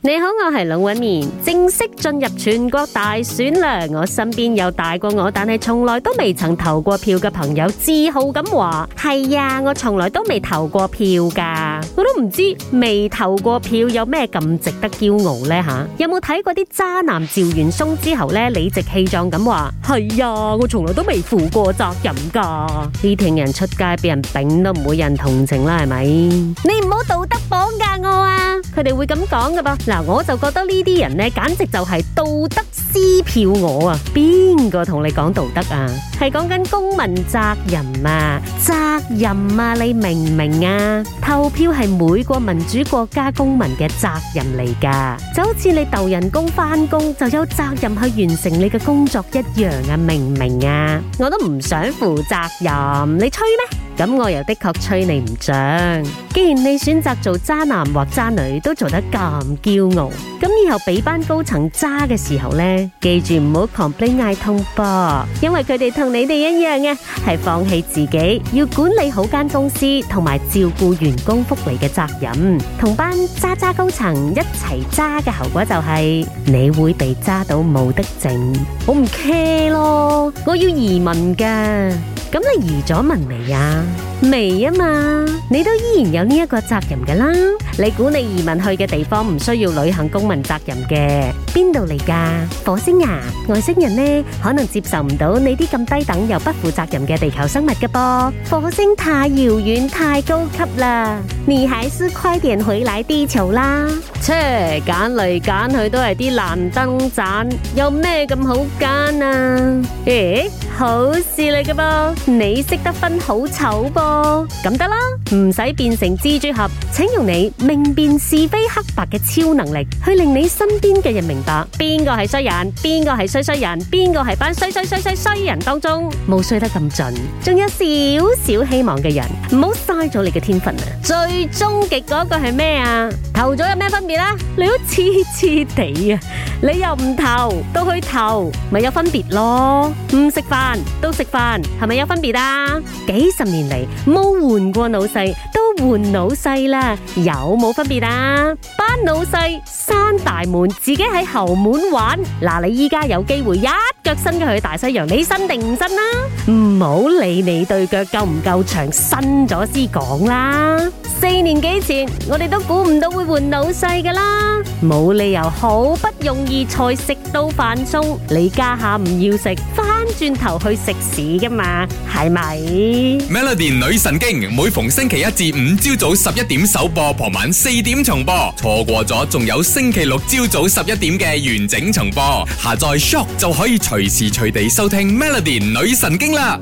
你好，我係龍紋敏，正式進入全國大選啦！我身邊有大過我，但係從來都未曾投過票嘅朋友，自豪咁話：係呀、啊，我從來都未投過票噶，我都唔知未投過票有咩咁值得驕傲呢？吓、啊！有冇睇過啲渣男？趙完鬆之後呢，理直氣壯咁話：係呀、啊，我從來都未負過責任噶。呢啲人出街，畀人丙都唔會有人同情啦，係咪？你唔好道德綁架我啊！佢哋會咁講噶噃。我就覺得呢啲人咧，簡直就係道德撕票我啊！邊個同你講道德啊？係講緊公民責任啊，責任啊，你明唔明啊？投票係每個民主國家公民嘅責任嚟㗎，就好似你斗人工返工就有責任去完成你嘅工作一樣啊，明唔明啊？我都唔想負責任，你吹咩？咁我又的確吹你唔脹。既然你選擇做渣男或渣女都做得咁驕傲，咁以後俾班高層渣嘅時候呢，記住唔好 complain 嗌痛噃，因為佢哋同你哋一樣嘅、啊，係放棄自己要管理好間公司同埋照顧員工福利嘅責任。同班渣渣高層一齊渣嘅後果就係、是、你會被渣到冇得整。我唔 care 咯，我要移民嘅。咁你移咗民未啊？未啊嘛，你都依然有呢一個責任噶啦。你估你移民去嘅地方唔需要履行公民責任嘅？邊度嚟噶？火星啊，外星人呢可能接受唔到你啲咁低等又不負責任嘅地球生物噶噃。火星太遙遠太高級啦。你還是快點回來地球啦。切，揀嚟揀去都係啲爛燈盞，有咩咁好揀啊？誒、欸，好事嚟噶噃，你識得分好醜噃。咁得啦，唔使變成蜘蛛俠，請用你明辨是非黑白嘅超能力，去令你身邊嘅人明白邊個係衰人，邊個係衰衰人，邊個係班衰衰衰衰衰人當中冇衰得咁盡，仲有少少希望嘅人，唔好嘥咗你嘅天分啊！最終極嗰個係咩啊？投咗有咩分別咧？你都痴痴哋啊！你又唔投，到去投，咪有分別咯？唔食飯，到食飯，係咪有分別啊？幾十年嚟冇換過老細換老細啦，有冇分別啊？班老細閂大門，自己喺後門玩。嗱，你依家有機會一腳伸過去大西洋，你伸定唔伸啦？唔好理你對腳夠唔夠長，伸咗先講啦。四年幾前，我哋都估唔到會換老細噶啦，冇理由好不容易才食到飯餸，你家下唔要食。轉頭去食屎噶嘛，係咪？Melody 女神經每逢星期一至五朝早十一點首播，傍晚四點重播。錯過咗，仲有星期六朝早十一點嘅完整重播。下載 SOOP 就可以隨時隨地收聽 Melody 女神經啦。